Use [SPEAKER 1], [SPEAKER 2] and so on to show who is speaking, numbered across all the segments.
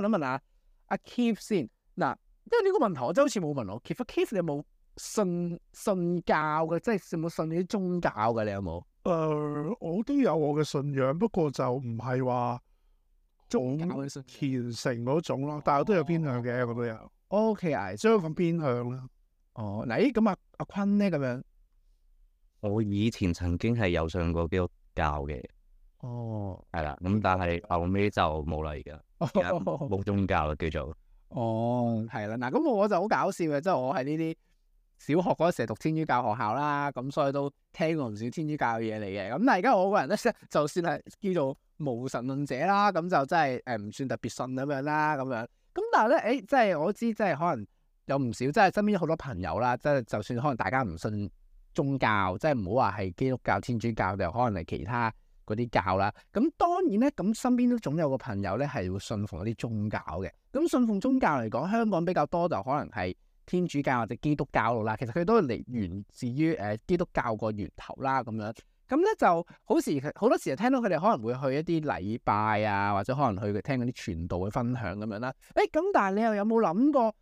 [SPEAKER 1] 問一問啊，阿 Kip 先嗱，因為呢個問題我真係好似冇問我，其實 Kip 你有冇信信教嘅，即係有冇信啲宗教嘅？你有冇？
[SPEAKER 2] 誒、呃，我都有我嘅信仰，不過就唔係話宗教嘅信虔誠嗰種咯，但係我都有偏向嘅，我都有。哦、OK、哦、啊，將咁偏向啦。哦，嗱，咁阿阿坤咧，咁
[SPEAKER 1] 樣，
[SPEAKER 3] 我以前曾經係有信過基督教嘅。哦，係啦，咁但係後尾就冇啦，而家冇宗教啦，哦、叫做。
[SPEAKER 1] 哦，係啦，嗱，咁我就好搞笑嘅，即係我喺呢啲小學嗰時係讀天主教學校啦，咁所以都聽過唔少天主教嘅嘢嚟嘅。咁但係而家我個人咧，就算係叫做無神論者啦，咁就真係誒唔算特別信咁樣啦，咁樣。咁但係咧，誒，即係我知，即係可能有唔少，即係身邊有好多朋友啦，即係就算可能大家唔信宗教，即係唔好話係基督教、天主教，就可能係其他。嗰啲教啦，咁當然咧，咁身邊都總有個朋友咧，係會信奉一啲宗教嘅。咁信奉宗教嚟講，香港比較多就可能係天主教或者基督教路啦。其實佢都嚟源自於誒基督教個源頭啦，咁樣。咁咧就好時好多時就聽到佢哋可能會去一啲禮拜啊，或者可能去聽嗰啲傳道嘅分享咁樣啦。誒、欸、咁，但係你又有冇諗過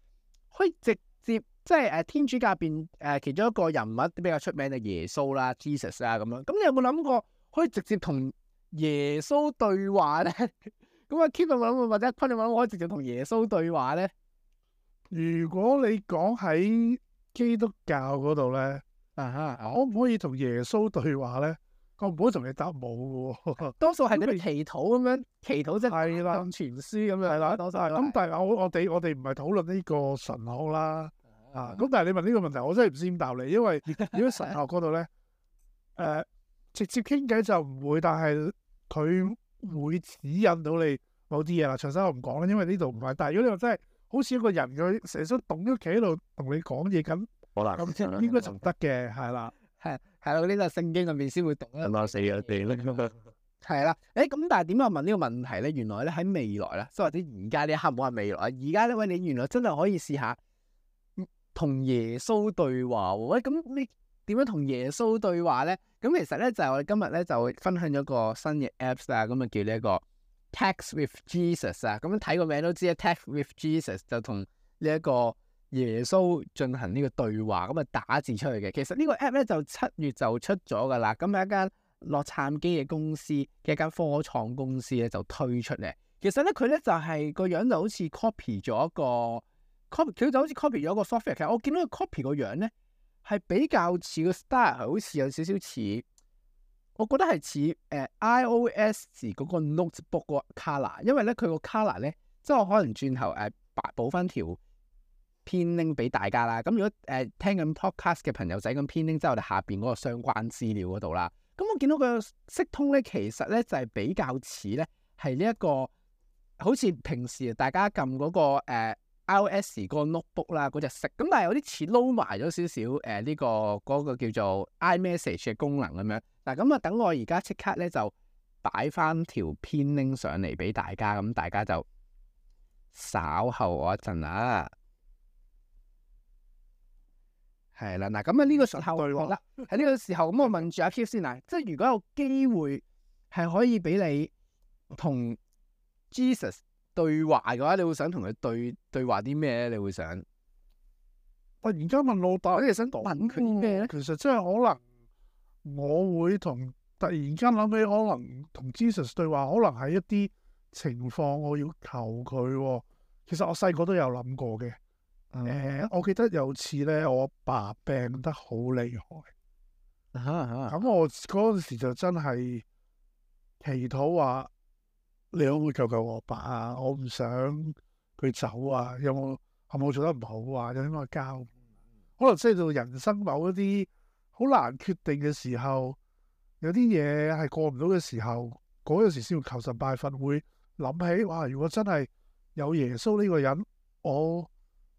[SPEAKER 1] 可以直接即係誒天主教入邊誒其中一個人物比較出名嘅耶穌啦，Jesus 啊咁樣。咁你有冇諗過？可以直接同耶
[SPEAKER 2] 穌對話咧，咁啊，Kevin 或者昆你問我，可以直接同耶穌對話咧？如果你講喺基督教嗰度咧，啊嚇哈，可唔可以同耶穌對話咧？我唔可以同你答冇嘅喎。啊、多數係你哋祈禱咁樣，祈禱即係向神禱讀咁樣。係啦，多謝、啊哈。咁、啊、但係我我哋我哋唔係討論呢個神學啦，啊咁但係你問呢個問題，我真係唔知點答你，因為如果神學嗰度咧，誒、呃。呃呃呃嗯嗯直接傾偈就唔會，但係佢會指引到你某啲嘢啦。長生我唔講啦，因為呢度唔係。但係如果你話真係好似一個人佢成日都棟咗企喺度同你講嘢咁，咁應該仲得嘅，係啦、啊，係
[SPEAKER 1] 係咯，呢個聖經入面先會讀啦。咁啊死人地啦，係啦。誒咁，但係點解問呢個問題咧？原來咧喺未來啦，即係或者而家呢一刻冇係未來，而家呢位，你原來真係可以試下同耶穌對話喎。喂，咁你點樣同耶穌對話咧？咁其實咧就係我哋今日咧就分享咗一個新嘅 Apps 啦，咁啊叫呢一個 Text with Jesus 啊，咁睇個名都知啊。Text with Jesus 就同呢一個耶穌進行呢個對話，咁啊打字出去嘅。其實呢個 App 咧就七月就出咗噶啦，咁係一間洛杉磯嘅公司，嘅一間科創公司咧就推出嚟。其實咧佢咧就係、是、個樣就好似 copy 咗一個，copy 佢就好似 copy 咗一個 software。其實我見到佢 copy 個樣咧。係比較似個 style 係好似有少少似，我覺得係似誒 iOS 嗰個 notebook 個 color，因為咧佢個 color 咧，即係我可能轉頭誒補翻條 pin link 俾大家啦。咁如果誒、呃、聽緊 podcast 嘅朋友仔咁，pin link 之後我哋下邊嗰個相關資料嗰度啦。咁、嗯、我見到個色通咧，其實咧就係、是、比較似咧、這個，係呢一個好似平時大家撳嗰、那個誒。呃 I O S 個 notebook 啦，嗰隻色咁，但係有啲似撈埋咗少少，誒、呃、呢、這個嗰、那個叫做 iMessage 嘅功能咁樣。嗱、啊、咁啊，等我而家即刻咧就擺翻條片拎上嚟俾大家，咁、啊、大家就稍後我一陣 啊。係啦，嗱咁啊，呢個時候喺呢個時候，咁我問住阿 k u 先啊，啊先即係如果有機會係可以俾你同 Jesus。對話嘅話，你會想同佢對對
[SPEAKER 2] 話啲咩咧？你會想？突然間問老豆，你係想問佢啲咩咧？其實即係可能，我會同突然間諗起，可能同 Jesus 對話，可能係一啲情況，我要求佢、哦。其實我細個都有諗過嘅。誒、嗯呃，我記得有次咧，我阿爸，爸病得好厲害，咁、嗯、我嗰陣時就真係祈禱話、啊。兩個舊舊阿伯啊，我唔想佢走啊，有冇係冇做得唔好啊？有啲乜交，可能即係到人生某一啲好難決定嘅時候，有啲嘢係過唔到嘅時候，嗰、那、陣、個、時先求神拜佛，會諗起哇！如果真係有耶穌呢個人，我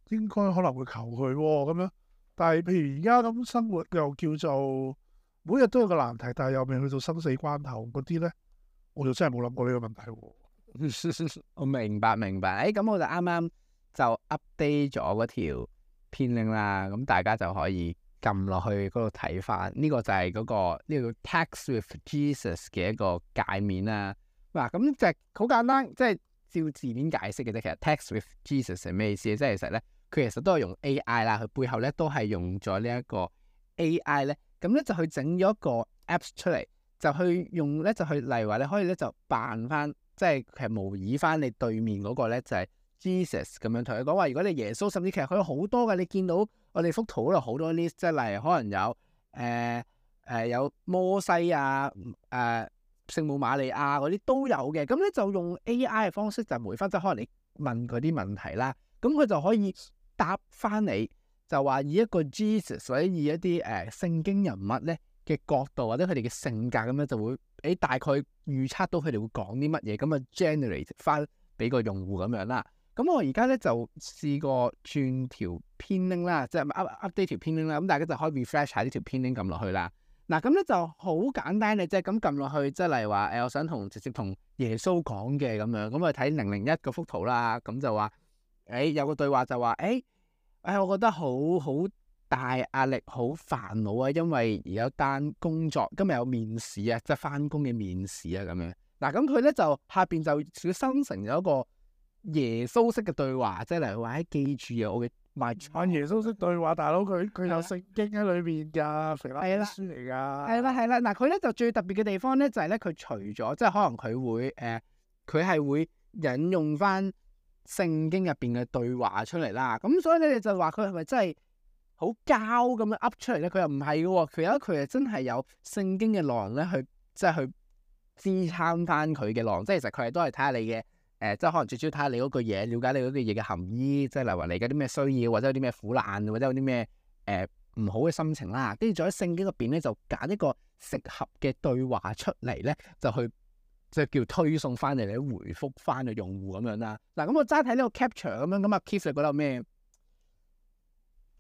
[SPEAKER 2] 應該可能會求佢咁、啊、樣。但係譬如而家咁生活又叫做每日都有個難題，但係又未去到生死關頭嗰啲咧。我就真係冇諗過呢個問題喎、啊。 我明白明白，誒、哎，咁我就啱啱
[SPEAKER 1] 就 update 咗嗰條片令啦，咁大家就可以撳落去嗰度睇翻。呢、這個就係嗰、那個呢、這個 Text With Jesus 嘅一個界面啦。嗱，咁就係好簡單，即係照字面解釋嘅啫。其實 Text With Jesus 係咩意思？即係其實咧，佢其實都係用 AI 啦，佢背後咧都係用咗呢一個 AI 咧，咁咧就去整咗一個 apps 出嚟，就去用咧，就去，例如話咧，可以咧就扮翻，即係其實模擬翻你對面嗰個咧，就係 Jesus 咁樣同佢講話。如果你耶穌甚至其實佢有好多噶，你見到我哋幅圖嗰度好多 list，即係例如可能有誒誒有摩西啊，誒聖母瑪利亞嗰啲都有嘅。咁咧就用 AI 嘅方式就模擬得可能你問佢啲問題啦。咁佢就可以答翻你，就話以一個 Jesus 或者以一啲誒聖經人物咧。嘅角度或者佢哋嘅性格咁樣就會俾大概預測到佢哋會講啲乜嘢，咁啊 generate 翻俾個用戶咁樣啦。咁、嗯、我而家咧就試過轉條 pinning 啦，即係 up, update 條 pinning 啦，咁大家就可以 refresh 下呢條 pinning 撳落去啦。嗱咁咧就好簡單嘅即啫，咁撳落去即係例如話誒，我想同直接同耶穌講嘅咁樣，咁啊睇零零一嗰幅圖啦，咁就話誒有個對話就話誒，誒我覺得好好。大壓力好煩惱啊！因為而家單工作，今日有面試,、就是、面試啊，即係翻工嘅面試啊，咁樣嗱，咁佢咧就下邊就少生成咗一個耶穌式嘅對話，即係例如話，喺記住啊，我嘅麥。按耶穌式對話，大佬佢佢有聖經喺裏面噶，
[SPEAKER 2] 係啦， 書嚟噶，係
[SPEAKER 1] 啦係啦。嗱、啊，佢、啊、咧就最特別嘅地方咧，就係、是、咧，佢除咗即係可能佢會誒，佢、呃、係會引用翻聖經入邊嘅對話出嚟啦。咁所以咧，就話佢係咪真係？好膠咁樣噏出嚟咧，佢又唔係嘅喎，佢有佢係真係有聖經嘅內容咧，去即係去支撐翻佢嘅內容。即係其實佢係都係睇下你嘅誒、呃，即係可能最主要睇下你嗰句嘢，了解你嗰句嘢嘅含義，即係例如話你而家啲咩需要，或者有啲咩苦難，或者有啲咩誒唔好嘅心情啦。跟住再喺聖經嗰邊咧，就揀一個適合嘅對話出嚟咧，就去即係叫推送翻嚟你回覆翻個用戶咁樣啦。嗱、啊，咁我齋睇呢個 capture 咁樣，咁啊 Keith 你覺得有咩？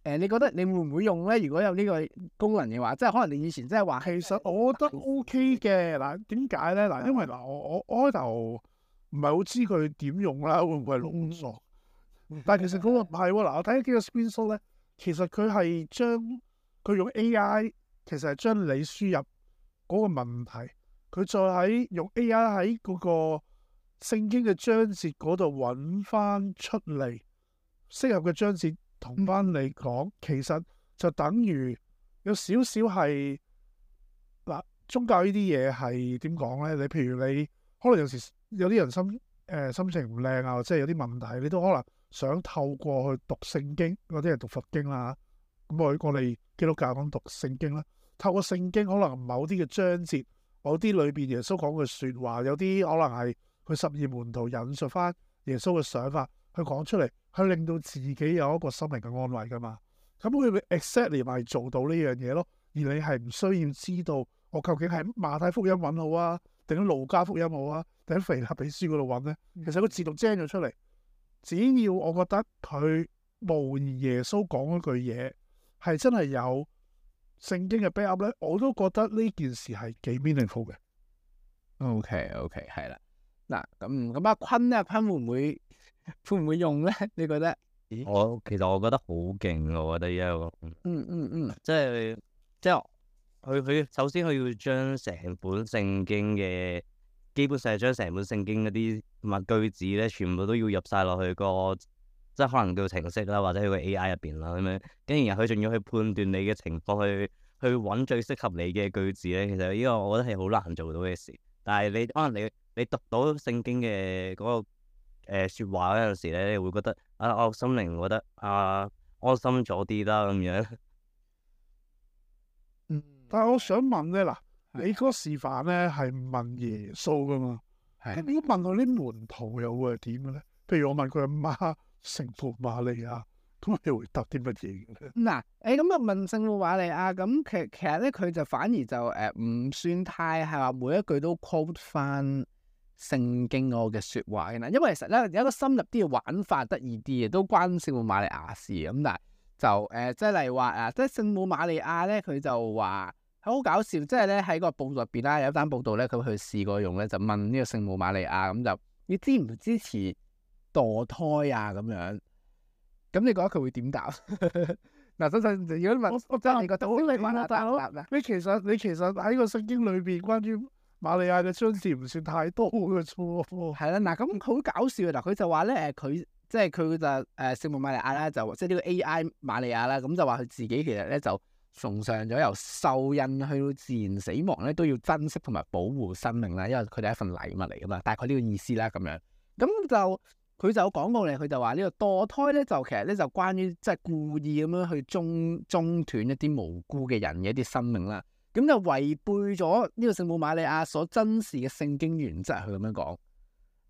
[SPEAKER 1] 誒，你覺得你會唔會用咧？如果有呢個功能
[SPEAKER 2] 嘅話，即係可能你以前真係話，其實我覺得 OK 嘅。嗱，點解咧？嗱，因為嗱，我我我開頭唔係好知佢點用啦，會唔會係老作？嗯、但係其實嗰、嗰個唔係喎。嗱的，我睇下幾個 screenshot 咧，其實佢係將佢用 AI，其實係將你輸入嗰個問題，佢再喺用 AI 喺嗰個聖經嘅章節嗰度揾翻出嚟適合嘅章節。同翻、嗯、你講，其實就等於有少少係嗱，宗教呢啲嘢係點講咧？你譬如你可能有時有啲人心誒、呃、心情唔靚啊，或者有啲問題，你都可能想透過去讀聖經，嗰啲人讀佛經啦，咁我哋基督教講讀聖經啦。透過聖經可能某啲嘅章節，某啲裏邊耶穌講嘅説話，有啲可能係去十二門徒引述翻耶穌嘅想法去講出嚟。去令到自己有一個心靈嘅安慰㗎嘛？咁佢會 accept 你咪做到呢樣嘢咯。而你係唔需要知道我究竟係馬太福音揾好啊，定喺路加福音好啊，定喺腓立比書嗰度揾咧。其實佢自動精咗出嚟。只要我覺得佢無疑耶穌講嗰句嘢係真係有聖經嘅 backup 咧，我都覺得呢件事係幾 meaningful 嘅。OK OK，係、yeah. 啦、nah。嗱，咁咁阿坤咧，阿坤會唔會？會唔會用咧？你覺得？
[SPEAKER 3] 咦，我其實我覺得好勁，我覺得呢個，嗯，嗯嗯嗯，即係即係佢佢首先佢要將成本聖經嘅，基本上係將成本聖經嗰啲同埋句子咧，全部都要入晒落去，嗰個，即係可能叫程式啦，或者佢個 AI 入邊啦咁樣，跟然後佢仲要去判斷你嘅情況，去去揾最適合你嘅句子咧。其實呢個我覺得係好難做到嘅事，但係你可能你你讀到聖經嘅嗰個。誒，說話嗰陣時咧，你會覺得啊，我心靈覺得啊，安心咗啲啦，咁樣。嗯、
[SPEAKER 2] 但係我想問咧，嗱，你嗰示範咧係問耶穌噶嘛？係的。咁如果問啲門徒又會係點嘅咧？譬如我問佢阿媽聖母瑪利亞，都係回答啲乜嘢？嗱，誒、嗯，咁、
[SPEAKER 1] 欸、啊、嗯、問聖母瑪利亞，咁、嗯、其其實咧佢就反而就誒，呃、唔算太係話每一句都 quote 翻。聖經我嘅說話嘅啦，因為其實咧有一個深入啲嘅玩法，得意啲嘅都聖瑪關聖母瑪利亞事咁，但係就誒、呃，即係例如話誒，即係聖母瑪利亞咧，佢就話好搞笑，即係咧喺個報道入邊啦，有一單報道咧，佢去試過用咧，就問呢個聖母瑪利亞咁就，你支唔支持墮胎啊咁樣？
[SPEAKER 2] 咁你覺得佢會點答？嗱、 啊，真真如果問，我真，的我真係覺得好難答啊！你其實你其實喺個聖經裏邊關於。關於瑪利亞嘅槍子唔算太多
[SPEAKER 1] 嘅，錯。係啦，嗱咁好搞笑啊！嗱，佢就話咧，誒佢即係佢就誒聖母瑪利亞啦，就即係呢個 AI 瑪利亞啦。咁就話佢自己其實咧就崇尚咗由受孕去到自然死亡咧都要珍惜同埋保護生命啦，因為佢哋係一份禮物嚟噶嘛。大概呢個意思啦，咁樣。咁就佢就講過嚟，佢就話呢個墮胎咧，就其實咧就關於即係故意咁樣去中中斷一啲無辜嘅人嘅一啲生命啦。咁就違背咗呢個聖母瑪利亞所珍視嘅聖經原則，佢咁樣講。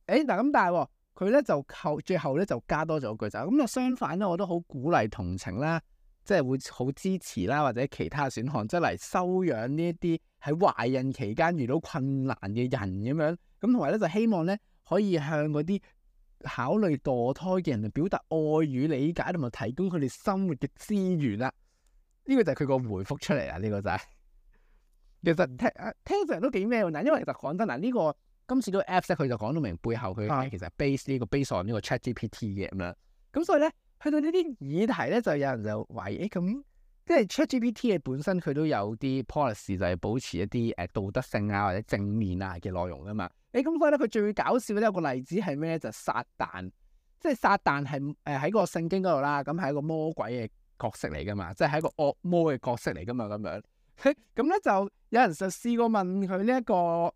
[SPEAKER 1] 誒，嗱咁，但係佢咧就後最後咧就加多咗句就咁。相反咧，我都好鼓勵同情啦，即係會好支持啦，或者其他選項，即係嚟收養呢一啲喺懷孕期間遇到困難嘅人咁樣。咁同埋咧就希望咧可以向嗰啲考慮墮胎嘅人表達愛與理解，同埋提供佢哋生活嘅資源啦。呢個就係佢個回覆出嚟啦，呢個就係。其實聽啊聽，成人都幾咩喎？嗱，因為其實講真嗱，呢、這個今次都 Apps 佢就講到明背後佢其實 base 呢、這個、啊、base on 呢個 ChatGPT 嘅咁樣。咁所以咧，去到呢啲議題咧，就有人就懷疑，誒、欸、咁，即係 ChatGPT 嘅本身佢都有啲 policy 就係保持一啲誒道德性啊或者正面啊嘅內容噶嘛。誒、欸、咁所以咧，佢最搞笑咧有個例子係咩咧？就是、撒旦，即係撒旦係誒喺個聖經嗰度啦，咁係一個魔鬼嘅角色嚟噶嘛，即係係一個惡魔嘅角色嚟噶嘛，咁樣。咁咧 就有人就試過問佢呢一個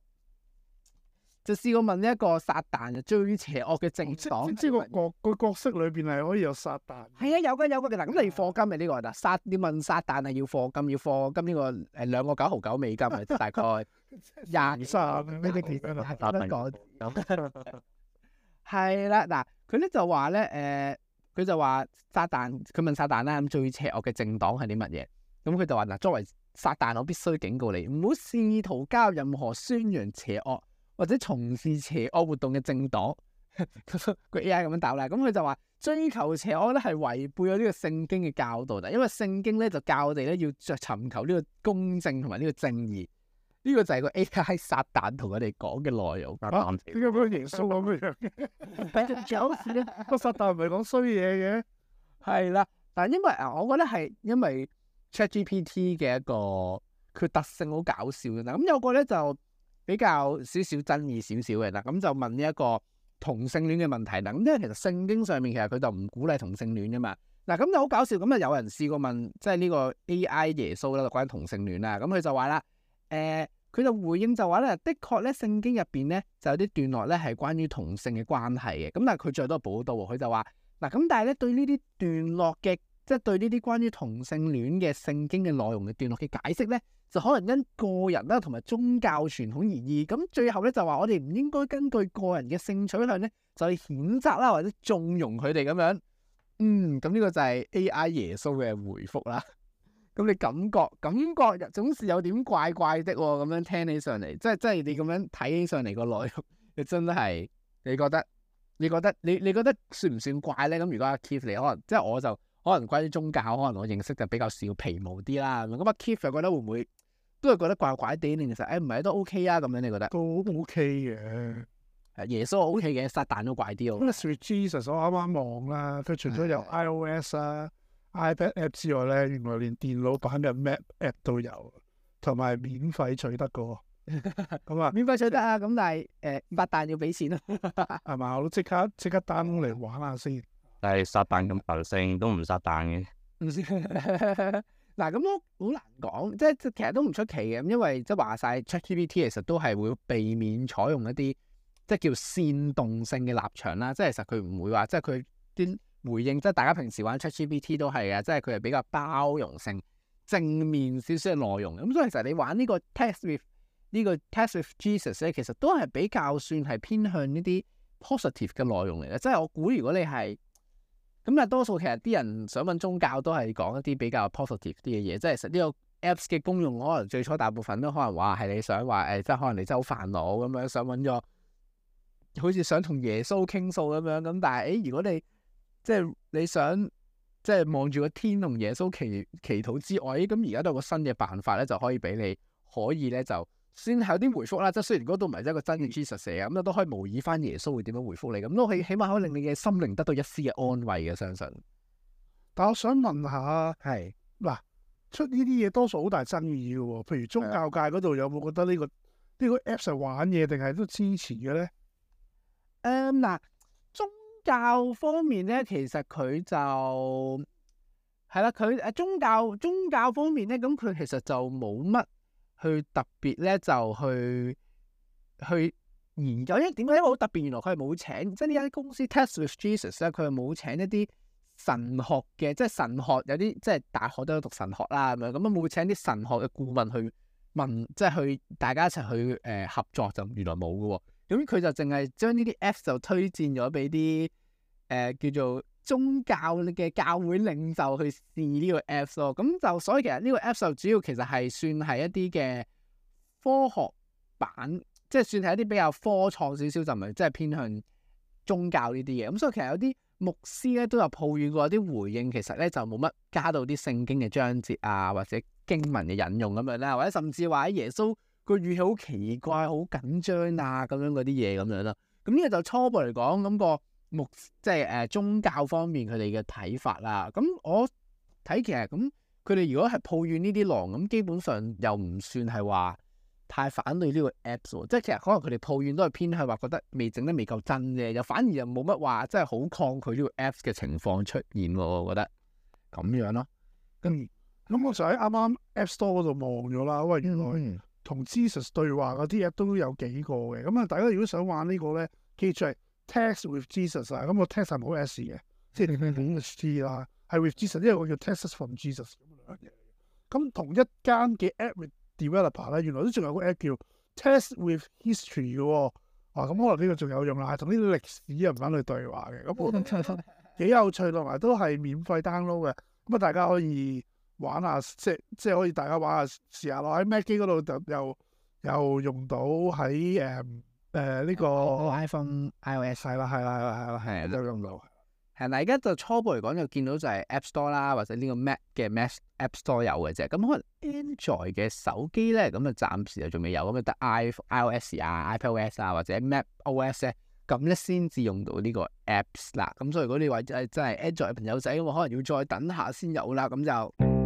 [SPEAKER 1] 就試過問呢一個撒旦嘅最邪惡嘅政黨，你知個個個角色裏邊係可以有撒旦。係啊，有噶有噶，嗱，咁你課金咪呢個嗱撒？你問撒旦係要課金要課金呢個誒兩個九毫九美金咪大概廿三呢啲咁樣講，係啦嗱，佢咧就話咧誒，佢就話撒旦，佢問撒旦啦，咁最邪惡嘅政黨係啲乜嘢？咁、嗯、佢就話嗱，作為。撒旦，我必須警告你，唔好試圖加入任何宣揚邪惡或者從事邪惡活動嘅政黨。個 A.I. 咁樣打啦，咁佢就話追求邪惡咧係違背咗呢個聖經嘅教導嘅，因為聖經咧就教我哋咧要著尋求呢個公正同埋呢個正義。呢、這個就係個 A.I. 撒旦同佢哋講嘅內容。點
[SPEAKER 2] 解咁嚴肅咁樣嘅？俾隻狗屎啊！ 個 但呢撒旦唔係講衰嘢嘅，
[SPEAKER 1] 係 啦，但係因為啊，我覺得係因為。ChatGPT 嘅一個佢特性好搞笑嘅啦，咁有個咧就比較少少爭議少少嘅啦，咁就問呢一個同性戀嘅問題啦，咁因為其實聖經上面其實佢就唔鼓勵同性戀噶嘛，嗱咁就好搞笑，咁啊有人試過問即係呢個 AI 耶穌咧，就關於同性戀啊，咁佢就話啦，誒、欸、佢就回應就話咧，的確咧聖經入邊咧就有啲段落咧係關於同性嘅關係嘅，咁但係佢最多補多，佢就話嗱咁但係咧對呢啲段落嘅。即係對呢啲關於同性戀嘅聖經嘅內容嘅段落嘅解釋咧，就可能因個人啦、啊，同埋宗教傳統而異。咁最後咧就話我哋唔應該根據個人嘅性取向咧，就譴責啦，或者縱容佢哋咁樣。嗯，咁呢個就係 A.I. 耶穌嘅回復啦。咁 你感覺感覺，總是有點怪怪的咁、哦、樣聽起上嚟，即係即係你咁樣睇起上嚟個內容，你真係你覺得你覺得你你覺得算唔算怪咧？咁如果阿 Keith 你可能即係我就。可能關於宗教，可能我認識就比較少皮毛啲啦。咁啊，Keith 又覺得會唔會都係覺得怪怪啲？其實誒，唔、哎、係都 OK 啊？咁樣你覺得？都 OK 嘅，耶穌 OK 嘅，撒旦都怪啲、啊。咁啊
[SPEAKER 2] With Jesus 我啱啱望啦，佢除咗有 iOS 啊唉 iPad app 之外咧，原來連電腦版嘅 Mac app 都有，同埋免費取得個。
[SPEAKER 1] 咁 啊，免費取得、呃、 啊，咁但係誒，撒旦要俾錢啦。係嘛，我都即刻即刻 down 嚟玩下先。
[SPEAKER 3] 但係撒旦咁神聖都唔撒旦嘅，
[SPEAKER 1] 嗱咁都好難講，即係其實都唔出奇嘅，因為即係話晒 ChatGPT 其實都係會避免採用一啲即係叫煽動性嘅立場啦，即係其實佢唔會話，即係佢啲回應，即係大家平時玩 ChatGPT 都係啊，即係佢係比較包容性、正面少少嘅內容。咁所以其實你玩呢個 Text With 呢個 Text With Jesus 咧，其實都係比較算係偏向呢啲 positive 嘅內容嚟嘅。即係我估如果你係。咁啊，但多數其實啲人想揾宗教都係講一啲比較 positive 啲嘅嘢，即係實呢個 apps 嘅功用，可能最初大部分都可能話係你想話誒，即、哎、係可能你真係好煩惱咁樣，想揾咗好似想同耶穌傾訴咁樣，咁但係誒、哎，如果你即係你想即係望住個天同耶穌祈祈禱之外，咁而家都有個新嘅辦法咧，就可以俾你可以咧就。先有啲回覆啦，即係雖然嗰度唔係真個真嘅 Jesus 寫，咁都可以模擬翻耶穌會點樣回覆你，咁都起起碼可以令你嘅心靈得到一絲嘅安慰嘅，相信。
[SPEAKER 2] 但我想問下，係嗱出呢啲嘢多數好大爭議嘅、哦，譬如宗教界嗰度有冇覺得呢、這個呢、嗯、個 Apps 係玩嘢定係都支持嘅咧？誒、嗯，嗱，宗教方面咧，其實佢
[SPEAKER 1] 就係啦，佢誒、啊、宗教宗教方面咧，咁佢其實就冇乜。去特別咧就去去研究，因為點解因為好特別，原來佢係冇請，即係呢間公司 Text With Jesus 咧，佢係冇請一啲神學嘅，即係神學有啲即係大學都有讀神學啦，咁樣咁啊冇請啲神學嘅顧問去問，即係去大家一齊去誒、呃、合作就原來冇㗎喎，咁佢就淨係將呢啲 Apps 就推薦咗俾啲誒叫做。宗教嘅教會領袖去試呢個 Apps 咯，咁就所以其實呢個 Apps 就主要其實係算係一啲嘅科學版，即係算係一啲比較科創少少，就唔係即係偏向宗教呢啲嘢。咁所以其實有啲牧師咧都有抱怨過，有啲回應其實咧就冇乜加到啲聖經嘅章節啊，或者經文嘅引用咁樣啦，或者甚至話喺耶穌個語氣好奇怪、好緊張啊咁樣嗰啲嘢咁樣咯。咁呢個就初步嚟講咁個。目即係誒、呃、宗教方面佢哋嘅睇法啦，咁、嗯、我睇其實咁佢哋如果係抱怨呢啲狼咁，基本上又唔算係話太反對呢個 apps，即係其實可能佢哋抱怨都係偏向話覺得未整得未夠真啫，又反而又冇乜話真係好抗拒呢個 apps 嘅情況出現喎，我覺得
[SPEAKER 2] 咁樣咯、啊。跟咁、嗯、我就喺啱啱 App Store 嗰度望咗啦，喂、嗯，原來同 Jesus、嗯、對話嗰啲嘢都有幾個嘅，咁啊大家如果想玩呢個咧，揭 Text with Jesus 啊、嗯，咁、那個 text 係冇 s 嘅，即係歷 t 啦，係 with Jesus，因為我叫 test from Jesus 咁同一間嘅 App developer 咧，原來都仲有個 App 叫 Text with History 嘅喎。咁可能呢個仲有用啦，係同啲歷史人物去對話嘅。咁、那、幾、個、有趣，同埋都係免費 download 嘅。咁啊，大家可以玩下，即即係可以大家玩下試下咯。喺 Mac 機嗰度又又用到喺誒。誒，呢、呃，這個 iPhone iOS 係啦，係啦，係啦，係啦，係都用到。係嗱，而家就初步嚟講
[SPEAKER 1] 就見到就係 App Store 啦，或者呢個 Mac 嘅 Mac App Store 有嘅啫。咁可能 Android 嘅手機咧，咁啊，暫時又仲未有，咁啊，得 iPhone iOS 啊、iPadOS 啊或者 MacOS 咁、啊、咧先至用到呢個 Apps 啦。咁所以如果你話誒真係 Android 朋友仔嘅話，可能要再等下先有啦。咁就。